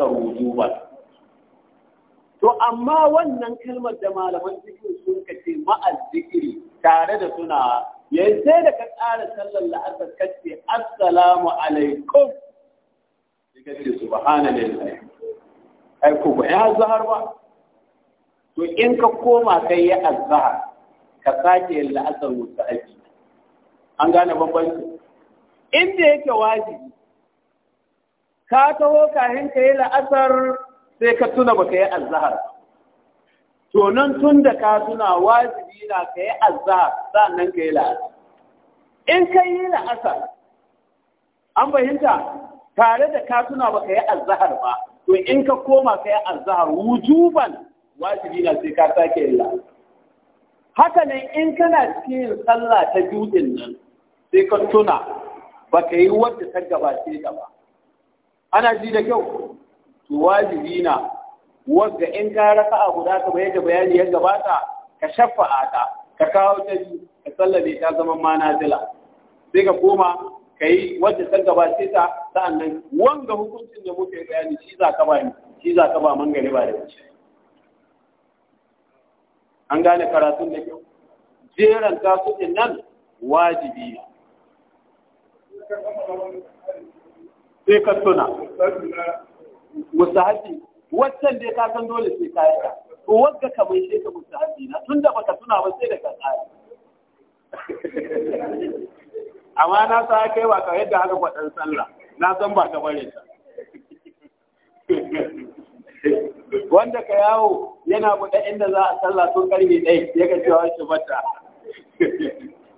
to amma wannan kalmar da malaman cikin sun ka ce ma'azzikiri tare da suna yanzu sai da ka tsara sallar la'asar ka ce assalamu alaikum sai ka ce subhanallahi ai ko ba ya zahar ba to in ka koma kai ya azhar ka sake la'asar musta'abi an gane bambanci inda yake wajibi ka taho kahin ka yi la'asar sai ka tuna baka yi azhar to nan tun da ka tuna wajibi na ka yi azhar nan ka yi la'asar in ka yi la'asar an fahimta tare da ka tuna baka yi azhar ba to in ka koma ka yi azhar wujuban wajibi na sai ka sake yin la'asar haka nan in kana cikin sallah ta judin nan sai ka tuna ba ka yi wadda ta gabace ta ba ana ji da kyau to wajibi na wadda in ka raka a guda ka bai da bayani ya gabata ka shafa'a ta ka kawo ta ji ka sallame ta zama ma zila sai ka koma ka yi wadda ta gabace ta sa'annan wanga hukuncin da muka yi bayani shi za ka ba ni shi za ka ba mangare ba da shi an gane karatun da kyau jeran ta su nan wajibi ne sai ka suna mustahabi wancan dai ka san dole sai ka yi to wanda ka mai sai ka mustahabi na tun da baka tuna ba sai da ka tsaya amma na sa kai ba ka yadda haka kwaɗan sallah na san ba ta bare ta wanda ka yawo yana buɗe inda za a sallah tun ƙarfe ɗaya ya ga cewa shi bata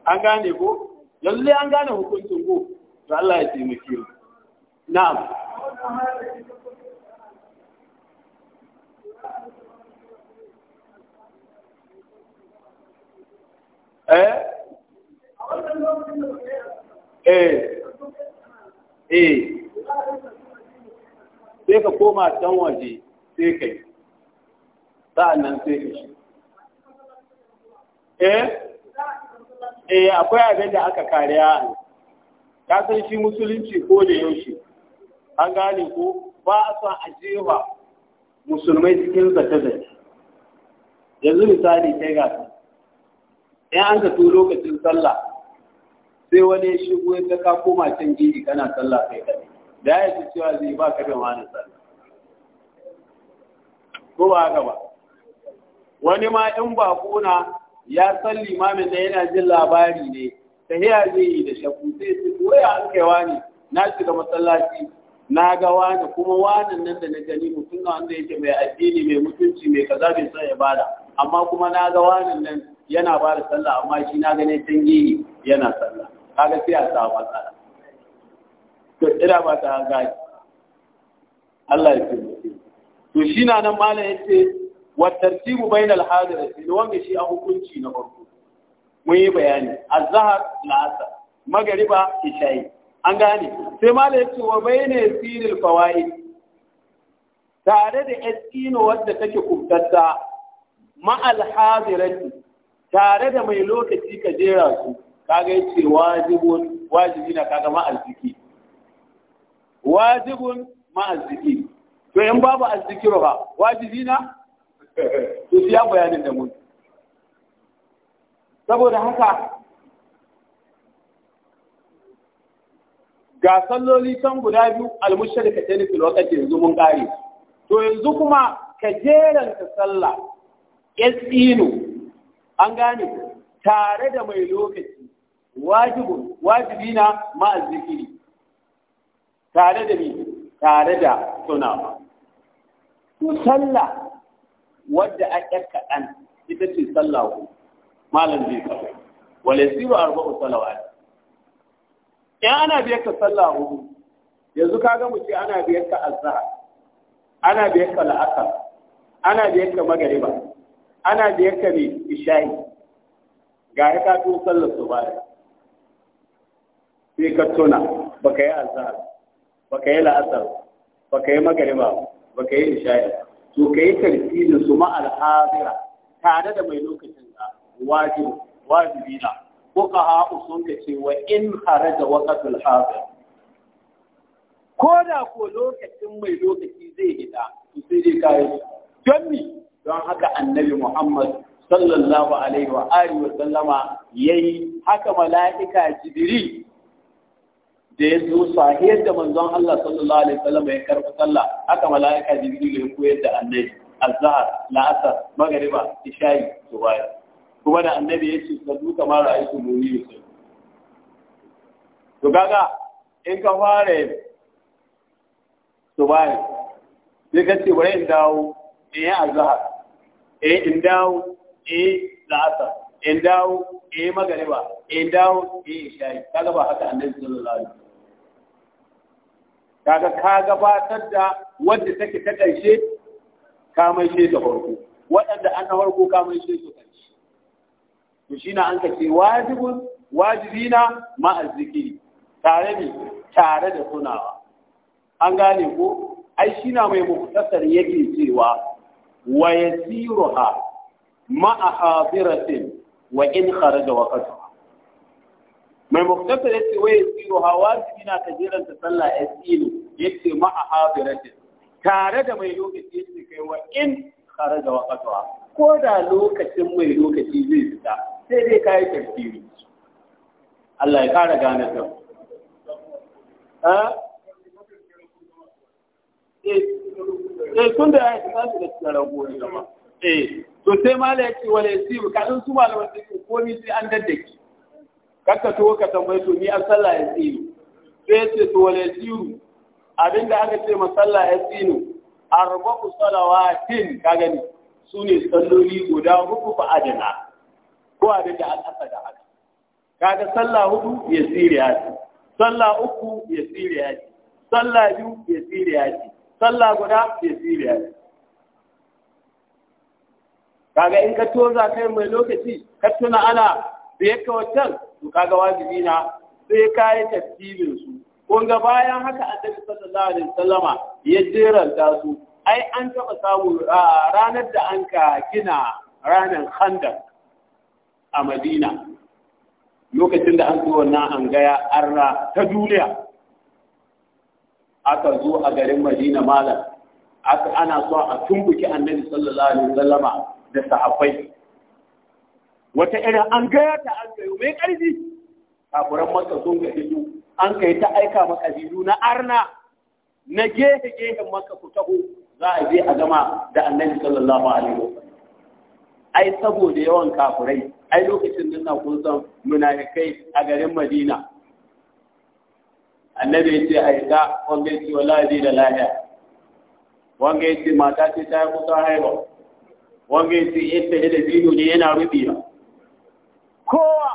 an gane ko yanzu dai an gane hukuncin ko to Allah ya taimake mu na'am eh eh eh sai ka koma can waje sai ka yi sa'annan sai ka shi eh eh akwai abin da aka kariya ka san shi musulunci ko da yaushe an gane ko ba a son a jefa musulmai cikin zata-zata yanzu misali kai ga ta in an zato lokacin sallah sai wani ya shigo ya ka koma can gidi kana sallah kai kaɗai da ya ci cewa zai ba ka da wani sallah ko ba haka ba wani ma in ba kuna ya san limamin da yana jin labari ne tahiya zai yi da shakku sai ce waya an kai wani na shiga masallaci na ga wani kuma wani nan da na gani mutum na wanda yake mai addini mai mutunci mai kaza bai ya ibada amma kuma na ga wani nan yana ba da sallah amma shi na gane can gini yana sallah kaga sai a samu matsala to ina ba ta ga Allah ya ce. to shi na nan malam yace wa tartibu bainal hadirati wanda shi a hukunci na farko mun yi bayani azhar asar magariba ishayi. an gane sai ma da yace wa bayne siril fawaid tare da eskino wadda take kubtatta ma alhadirati tare da mai lokaci ka jera su kaga yace wajibun wajibi na kaga ma alziki wajibun ma alziki to in babu alzikiro ba wajibi na to ya bayanin da mun saboda haka ga salloli can guda biyu almushar ka ce fil lokacin yanzu mun kare to yanzu kuma ka ka sallah yasinu an gane tare da mai lokaci wajibu wajibi na ma'azikiri. tare da ni tare da tunawa Ku sallah wadda a kaɗan ita ce sallah ku malam zai kawo wale siru arba'u salawa in ana biyar ka sallah hudu yanzu ka ga mutum ana biyar ka azhar ana biyar ka la'asar ana biyar ka magariba ana biyar ka ne isha'i ga ya ka tun sallar su baya sai ka tuna ka yi azhar ka yi la'asar ka yi magariba ka yi isha'i to ka yi da su ma'al'adira tare da mai lokaci wajib wajibina fuqaha sun ka ce in harada waqtul hadir ko da ko lokacin mai lokaci zai hita to sai dai kai don mi don haka annabi Muhammad sallallahu alaihi yayi haka da ya zo sahiyar da manzon Allah sallallahu alaihi wasallam ya karɓi sallah haka mala'ika jibril ya koyar da annabi azhar la'asar magriba isha'i zuwa kuma da annabi ya ce sadu kamar ra'aytu muni yusalli to kaga in ka fara to bai sai ka ce bari in dawo in yi azhar eh in dawo eh la'asar in dawo eh magariba in dawo eh shayi. kaga ba haka annabi sallallahu alaihi wasallam kaga ka gabatar da wadda take ta ƙarshe ka mai shi da farko waɗanda an na farko ka shi su kai to shi na an ka ce wajibun wajibina azzikiri tare ne tare da sunawa an gane ko ai shi na mai muktasar yake cewa wa yasiruha ma ahadiratin wa in kharaja waqtu mai muktasar yace wa yasiruha wajibina kajiran sallah yasiru yace ma ahadiratin tare da mai lokaci yace kai wa in kharaja waqtu ko da lokacin mai lokaci zai fita sai dai kayi tafsiri Allah ya kara gane ta eh, eh tun da ya yi tafi da cikin ragowar jama eh to sai mala ya ce wale yasiru ka dan su malaman da ko komi sai an ki. Kaka to ka tambayi to ni an sallah ya tsiro sai ya ce to siyu abin abinda aka ce ma sallah ya tsino arba'u salawatin ka gani su ne salloli guda huku fa adana ko a da al'asa da haka kaga sallah hudu ya ya ce sallah uku ya ya ce sallah biyu ya ya ce sallah guda ya ya ce kaga in ka toza kai mai lokaci ka tuna ana da ya kawatar to kaga wajibi na sai ka yi tafsirin su kun ga bayan haka annabi sallallahu alaihi wasallama ya jeranta su ai an taba samu ranar da an ka gina ranar khandak a madina lokacin da an zo wannan an gaya arra ta duniya aka zo a garin madina malam ana so a tumbuki annabi sallallahu alaihi wasallama da sahabbai wata irin an gaya ta an gayo mai ƙarfi kafuran maka sun ga ido an kai ta aika maka bidu na arna na gehe gehen maka ku taho za a je a gama da annabi sallallahu alaihi wasallam ai saboda yawan kafurai ai lokacin nan na kun san munafikai a garin Madina annabi ce ai da wanda ya ce wallahi da lahiya wanda ce mata ce ta yi kusan haihuwa wanga ya ce yadda da biyu ne yana rubiya kowa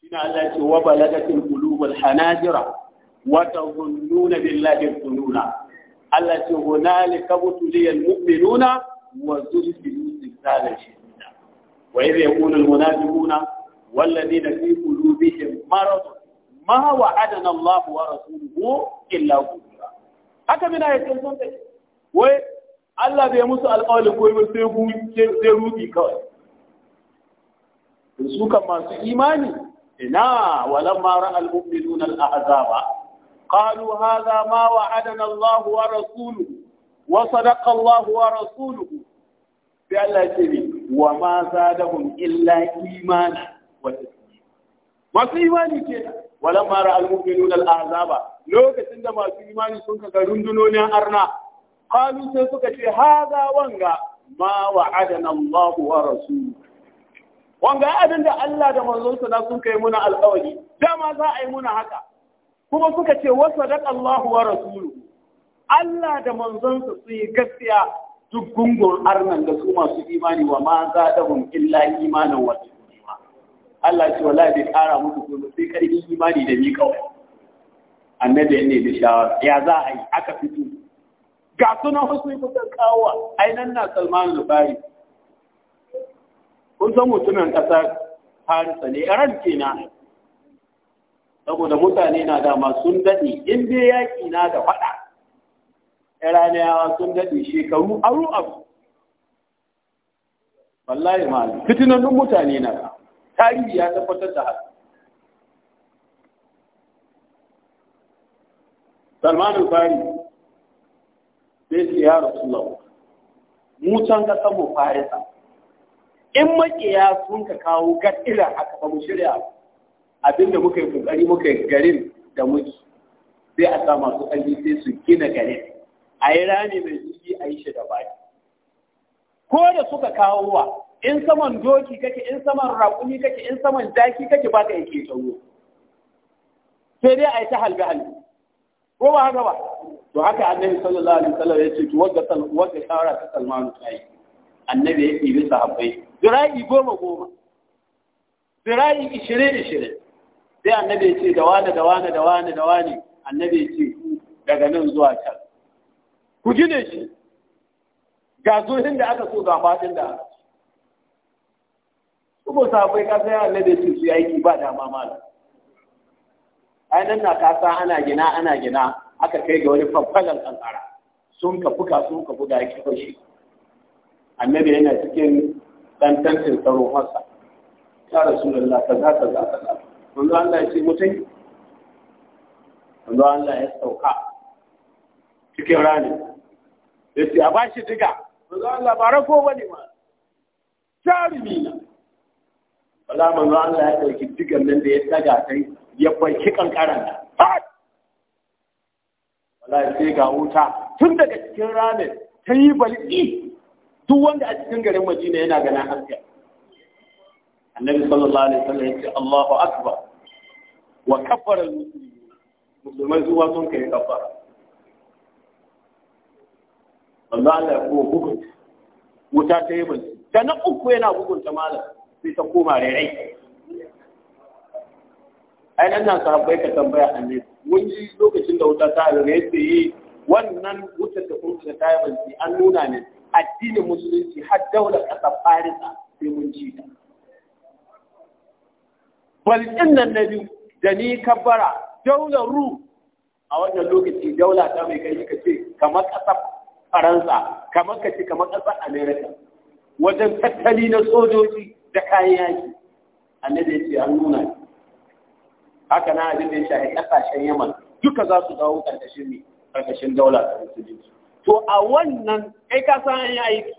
shi na Allah ce wa balagatin qulubul hanajira wa tazunnuna billahi tununa Allah ce hunalika butuliyal mu'minuna wa zulfilu zikzalan shi وإذ يقول المنافقون والذين في قلوبهم مرض ما وعدنا الله ورسوله إلا غرورا haka mina ya ce sun tafi wai Allah bai musu alƙawarin koyi ba sai rubi kawai su kan masu imani ina walamma ra'al mu'minuna al-ahzaba قالوا هذا ما وعدنا الله ورسوله وصدق الله ورسوله بألا سبيل wa ma zadahum illa imana wa taslima masu imani ce kenan walamma ra'al mu'minuna al-ahzaba lokacin da masu imani sun kaga rundunonin arna qalu sai suka ce haza wanga ma wa'adana Allah wa rasuluhu wanga abin da Allah da manzonsa na sun kai muna alƙawari dama za a yi muna haka kuma suka ce wa sadaqa Allah wa rasuluhu Allah da manzonsa su yi gaskiya duk gungun arnan da su masu imani wa ma za da hun illa imanin wata ba. Allah ce wa bai kara musu kuma sai karfin imani da ni kawai annabi ne da shawar ya za a yi aka fito ga suna wasu yi kusan kawo ainihin na salman lubari kun san mutumin ƙasar harisa ne ran kenan saboda mutane na dama sun daɗe in dai yaƙi na da faɗa iraniyawa sun daɗe shekaru a abu wallahi malam fitinannun mutane na tarihi ya tabbatar da haka salman al-fari sai su yara rasulullah mu can ga samu farisa in makiya sun ka kawo gaddira haka ba mu shirya abinda muka yi kokari muka yi garin da muke sai a sa masu ƙarfi sai su gina garin a yi rami mai jiki a yi shi da baki ko da suka kawo wa in saman doki kake in saman raƙumi kake in saman daki kake ba ka yake tsoro sai dai a yi ta halbe halbe ko ba haka ba to haka annabi sallallahu alaihi wasallam ya ce to wagga sal wagga shawara ta yi. annabi ya ɗibi sahabbai zira'i goma goma zira'i ishirin ishirin sai annabi ya ce da wani da wani da wani da wani annabi ya ce daga nan zuwa can ku gine shi ga zuhin da aka so ga fadin da aka kuma safai kasa ya Allah da ce su aiki ba dama mamala. ai nan na kasa ana gina ana gina aka kai ga wani fafalan kankara sun ka fuka sun ka buga yake shi annabi yana cikin dan tantin tsaro masa ya rasulullah kaza kaza kaza manzo Allah ya ce mutai manzo Allah ya sauka cikin rani ya a ba shi diga manzo Allah ba rako ba ne ma jarumi na wala manzo Allah ya ɗauki digan nan da ya daga sai ya kwanci kankara na wala sai ga wuta tun daga cikin ramin ta yi bal'i duk wanda a cikin garin Madina yana ganin haske annabi sallallahu alaihi wasallam ya ce Allahu akbar wa kabbara musulmai zuwa sun kai kafara manzo Allah ya kuma hukunta wuta ta yi bunci da na uku yana hukunta malam sai ta koma rairai ai nan na sahabbai ka tambaya annabi mun yi lokacin da wuta ta rairai sai yi wannan wutar da kuma ta yi bunci an nuna ne addinin musulunci har daular ƙasar Farisa sai mun ji ta balkin nan na biyu da ni kabbara daular ru a wannan lokaci daula ta mai kai ka ce kamar ƙasar faransa kamar ka ce kamar ƙasar Amerika, wajen tattali na sojoji da kayan yaki annabi ya ce an nuna haka na abin da ya shahi ƙasashen yaman duka za su dawo ƙarƙashin ne ƙarƙashin daula ta to a wannan kai ka san an yi aiki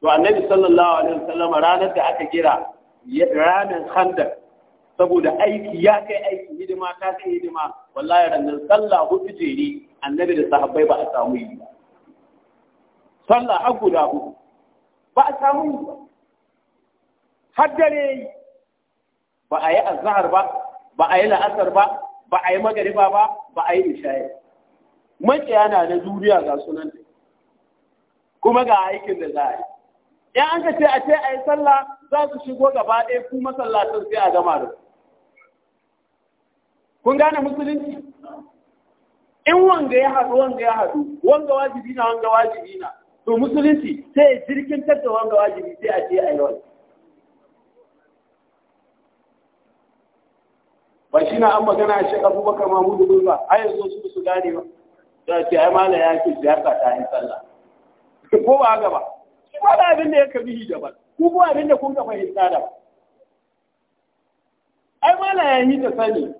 to annabi sallallahu alaihi wasallam ranar da aka kira ranar khandaq saboda aiki ya kai aiki hidima ta kai hidima wallahi rannan sallah hudu jere annabi da sahabbai ba a samu yi ba sallah har guda hudu ba a samu yi ba har dare ba a yi azhar ba ba a yi la'asar ba ba a yi magariba ba ba a yi isha'i makiya na da zuriya ga sunan kuma ga aikin da za a yi in an ka ce a ce a yi sallah za su shigo gaba ɗaya sallah sun sai a gama da su kun gane musulunci in wanga ya haɗu wanga ya haɗu wanga wajibi na wanga wajibi na to musulunci sai jirgin tattar wanga wajibi sai a ce a yi wani ba shi na an magana a shi ma mamudu ba a zo su su gane ba da ce ai mala ya ce siyasa ta yi sallah ko ba haka ba shi ba da abin da ya kabihi daban ku ko abin da kun ka fahimta da ai mala ya yi ta sani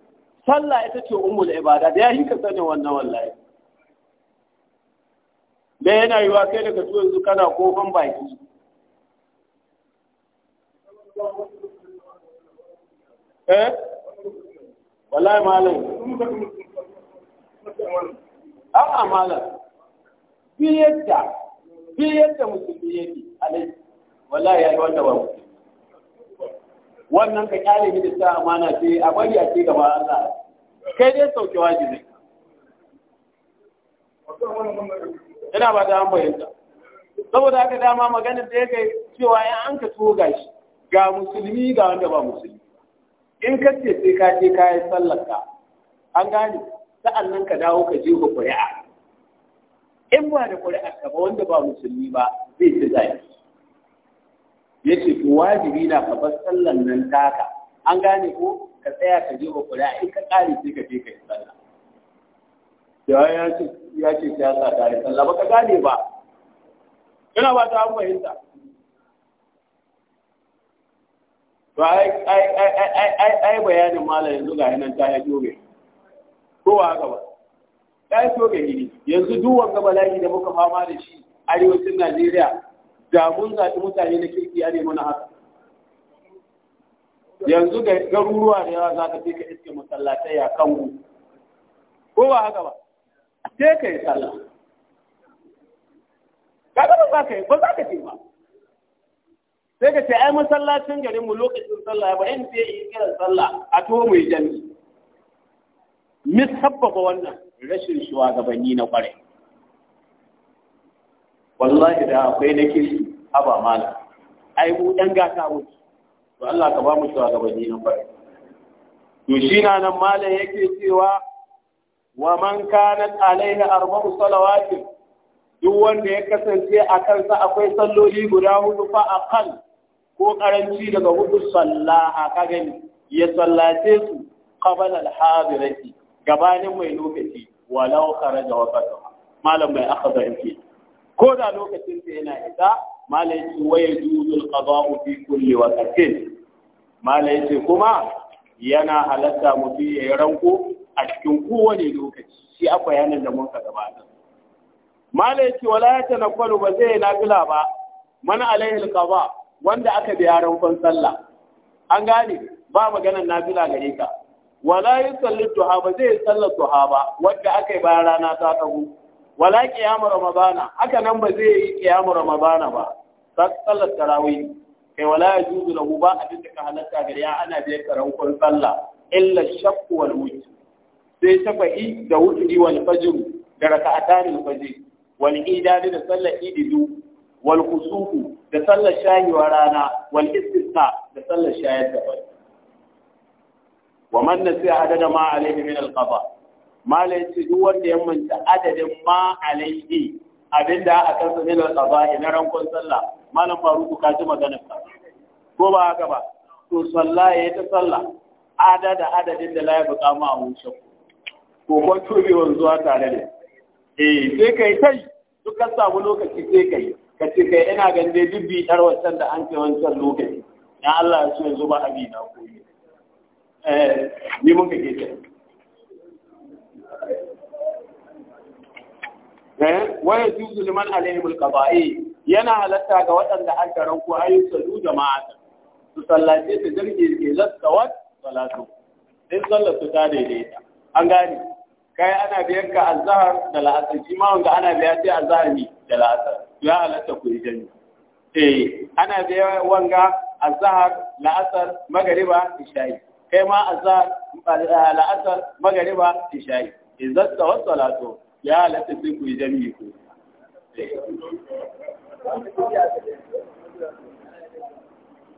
sallah ita ce da ibada da ya yi ka sanin wannan wallahi da yana yiwa kai daga tuwon su kana kofan baki eh wallahi malam a'a malam biyar da biyar da musulmi yake alai wallahi ya yi wanda ba musulmi wannan ka kyale ni da ta amana ce a bari a ce gaba Allah kai dai sauke wajibi ina ba da an bayyana saboda haka dama maganin da ya kai cewa ya an ka tuwo gashi ga musulmi ga wanda ba musulmi in ka ce sai ka je ka yi sallarka an gane sa'an nan ka dawo ka je ga ƙuri'a in ba da ƙuri'a ka ba wanda ba musulmi ba zai ci zai yace ku wajibi na ka bar sallan nan taka an gane ko ka tsaya ka je kula in ka kare sai ka je ka yi sallah da ya ce ya ce ya sa kare sallah ba ka gane ba ina ba ta fahimta to ai ai ai ai ai bayanin malam yanzu ga nan ta ya jobe ko wa haka ba ta ya jobe ne yanzu duk wanga bala'i da muka fama da shi arewacin Najeriya da mun zaɓi mutane na kirki a na haka yanzu da garuruwa da yawa za ka je ka iske masallatai ya kan ko ba haka ba sai ka yi sallah kaga ba za ka yi ba za ka ce ba sai ka ce ai masallacin garinmu lokacin sallah ba in sai yi kiran sallah a to mu yi jami'i misabbaba wannan rashin shuwagabanni na kwarai wallahi da akwai na kirki haba mala ai mu dan gata mu to Allah ka ba mu shugabanni nan bai to shi na nan malam yake cewa wa man kanat alaihi arba'u salawat duk wanda ya kasance a kansa akwai salloli guda hudu fa aqal ko karanci daga hudu sallaha ka gani ya sallace su qabal al-hadirati gabanin mai lokaci walau kharaja waqtaha malam mai akhadha yake ko da lokacin sa yana isa malai ce waye juzul qada'u fi kulli waqtin malai ce kuma yana halatta mutum ya ranko a cikin kowane lokaci shi akwai bayanin da mun ka gabata malai wala ya tanakkalu ba zai nafila ba man alaihi alqada wanda aka biya rankon sallah an gane ba maganar nafila gare ka wala yusallu duha ba zai sallar tuha ba wanda aka yi bayan rana ta tagu wala qiyamar ramadana haka nan ba zai yi qiyamar ramadana ba sallar tarawih kai wala ya lahu ba abin da ka halatta gari ya ana biyar karankon sallah illa shakku wal wutr sai shafa'i da wutri wal fajr da raka'atan al fajr wal idani da sallar idi du wal kusufu da sallar wa rana wal istisna da sallar shayar da bai wa man nasiya adada ma alaihi min al qada malai ce duk wanda ya manta adadin ma alaihi abinda kan sa da tsaba na rankon sallah malam faruku ka ji maganar ka ko ba haka ba to sallah ya ta sallah adada adadin da la ya buƙa mu a wuce ko kon tubewan zuwa tare da eh sai kai kai duk ka samu lokaci sai kai ka ce kai ina ganin dai dubbi dar wancan da an kai wancan lokaci dan Allah ya so yanzu ba abi na koyi eh ni mun kake ta Eh, waya juzu liman alaihimul qada'i yana halatta ga waɗanda aka ku ayi salu jama'a su sallace su jirgi ke lastawat salatu din sallatu ta daidaita an gane kai ana biyan ka azhar da la'asar shi ma wanda ana biya sai azhar ne da la'asar ya halatta ku yi jami'a eh ana biya wanga azhar la'asar magariba isha'i kai ma azhar la'asar magariba isha'i idan tawassalatu ya halatta sai ku yi jami'i ku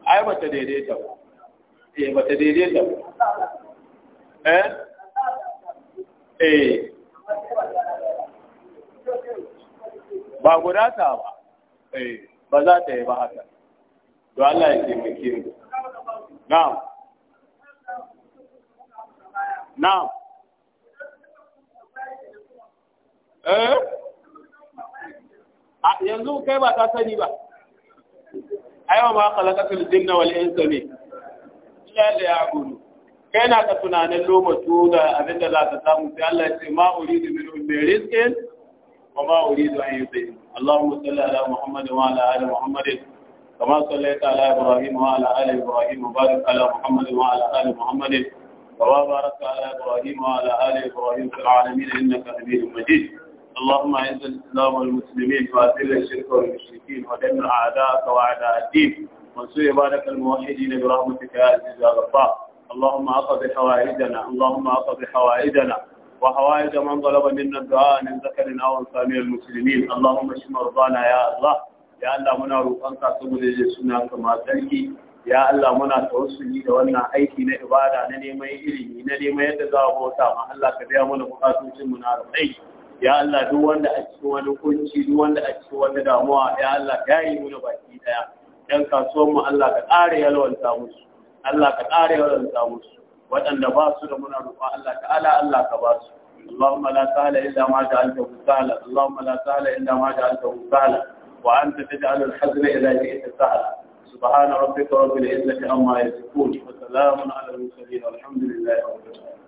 ai ta daidaita ba eh ba ta daidaita ba eh? eh ba guda ta ba Ee, eh, ba za ta yi ba haka to Allah ya taimake kiri. na'am na'am eh yanzu kai ba ta sani ba aiwa ma khalaqatul jinna wal insa ne illa la ya'budu kai na ka tunanin lomatu da abinda za ta samu sai Allah ya ce ma uridu min rizqin wa ma uridu an yutin Allahumma salli ala Muhammad wa ala ali Muhammad كما صليت على ابراهيم وعلى ال ابراهيم وبارك على محمد وعلى ال محمد وبارك على ابراهيم وعلى ال ابراهيم في العالمين انك حميد مجيد اللهم اعز الاسلام والمسلمين واذل الشرك والمشركين ودمر اعداءك واعداء الدين وانصر عبادك الموحدين برحمتك يا عزيز يا غفار اللهم اقض حوائجنا اللهم اقض حوائجنا وحوائج من طلب منا الدعاء من ذكر او انثى من المسلمين اللهم اشف مرضانا يا الله يا الله منا روقانك saboda da suna kama sarki ya Allah muna tawassuli da wannan aiki na ibada na neman ilimi na neman yadda za a bauta ma Allah ka biya mana bukatun mu na alƙai ya Allah duk wanda a cikin wani kunci duk wanda a cikin wani damuwa ya Allah ya yi muna baki daya dan kasuwan mu Allah ka ƙara yalwanta musu Allah ka ƙara yalwanta musu waɗanda ba su da muna rufa Allah ta'ala Allah ka ba su اللهم لا سهل إلا ما جعلته سهلا اللهم لا سهل إلا ما جعلته سهلا وأنت تجعل الحزن إذا جئت سهلا سبحان ربك رب العزة عما يصفون وسلام على المرسلين والحمد لله رب العالمين